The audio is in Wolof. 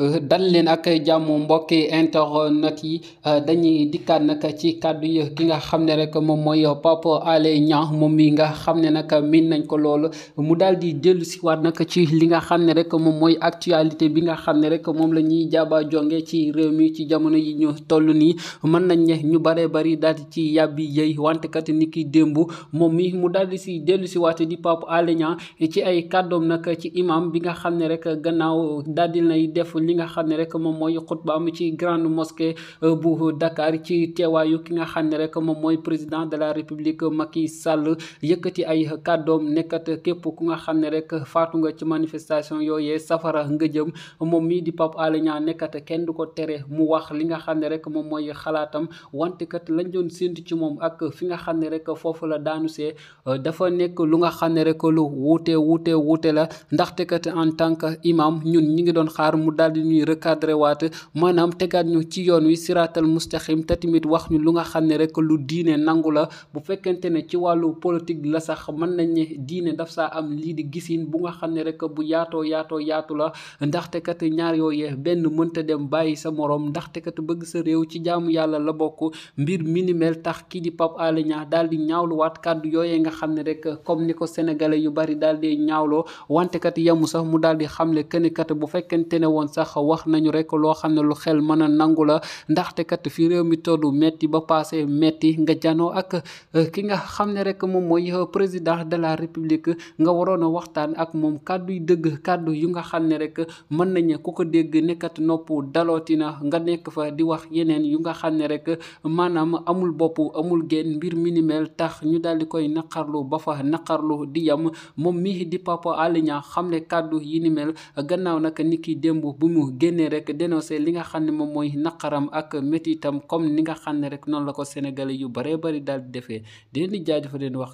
dal leen ak jàmm mbokki internet yi dañuy dikkaat nag ci kàddu yi ki nga xam ne rek moom mooy Pape ale Niang moom mii nga xam ne nag miin nañ ko lool mu daal di dellu siwaat nag ci li nga xam ne rek moom mooy actualité bi nga xam ne rek moom la ñuy jaaba jonge ci réew mi ci jamono yi ñu toll nii mën nañ ne ñu bare bari daal di ci yàbbi yëy wante kat ni ki démb moom mi mu daal di si dellu siwaat di Pape Alé Niang ci ay kàddoom nag ci imam bi nga xam ne rek gannaaw daal nay def li nga xam ne rek moom mooy xutbaam ci grande mosquée euh, bu Dakar ci teewaayu ki nga xam ne rek moom mooy président de la république Macky Sall yëkkati ay kàddoom nekkat képp ku nga xam ne rek faatu nga ci manifestation yooyee safara nga jëm moom mii di Pape Alé Niang kenn du ko tere mu wax li nga xam ne rek moom mooy xalaatam wante kat lañ doon séntu ci moom ak fi nga xam ne rek foofu la daanu see euh, dafa nekk lu nga xam ne rek lu wuute wuute wuute la ndaxte kat en tant imam ñun ñi ngi doon xaar mu daldi di ñuy recadré waat maanaam tegaat ñu ci yoon wi siraatal mustaxim te tamit wax ñu lu nga xam ne rek lu diine nangu la bu fekkente ne ci wàllu politique la sax mën nañ ne diine daf saa am lii di gisin bu nga xam ne rek bu yaatoo yaato yaatu la ndaxte kat ñaar yooyee benn mënta dem bàyyi sa moroom ndaxte kat bëgg sa réew ci jaamu yàlla la bokk mbir minimel tax kii di Pape Alé Niang daal di ñaawluwaat kàddu yooyee nga xam ne rek comme ni ko sénégalais yu bari daal yamu sax mu daal di xamle këne bu fekkente ne woon sax sax wax nañu rek loo xam ne lu xel mën a nangu la ndaxte kat fi réew mi toll metti ba passé metti nga janoo ak euh, ki nga xam ne rek moom mooy euh, président de la république nga waroon a waxtaan ak moom kàddu yu dëgg kàddu yu nga xam ne rek mën nañu ku ko dégg nekkat nopp dalootina nga nekk fa di wax yeneen yu nga xam ne rek maanaam amul bopp amul génn mbir minimel tax ñu daal di koy naqarlu ba fa mii di Papa Alé xam ne kàddu yi ni mel gannaaw nag ni ki démb bu mu génnee rek dénoncé li nga xam ne moom mooy naqaram ak métitam comme ni nga xam ne rek noonu la ko sénégalais yu baree bari dal di defee di leen di jaajëfal leen wax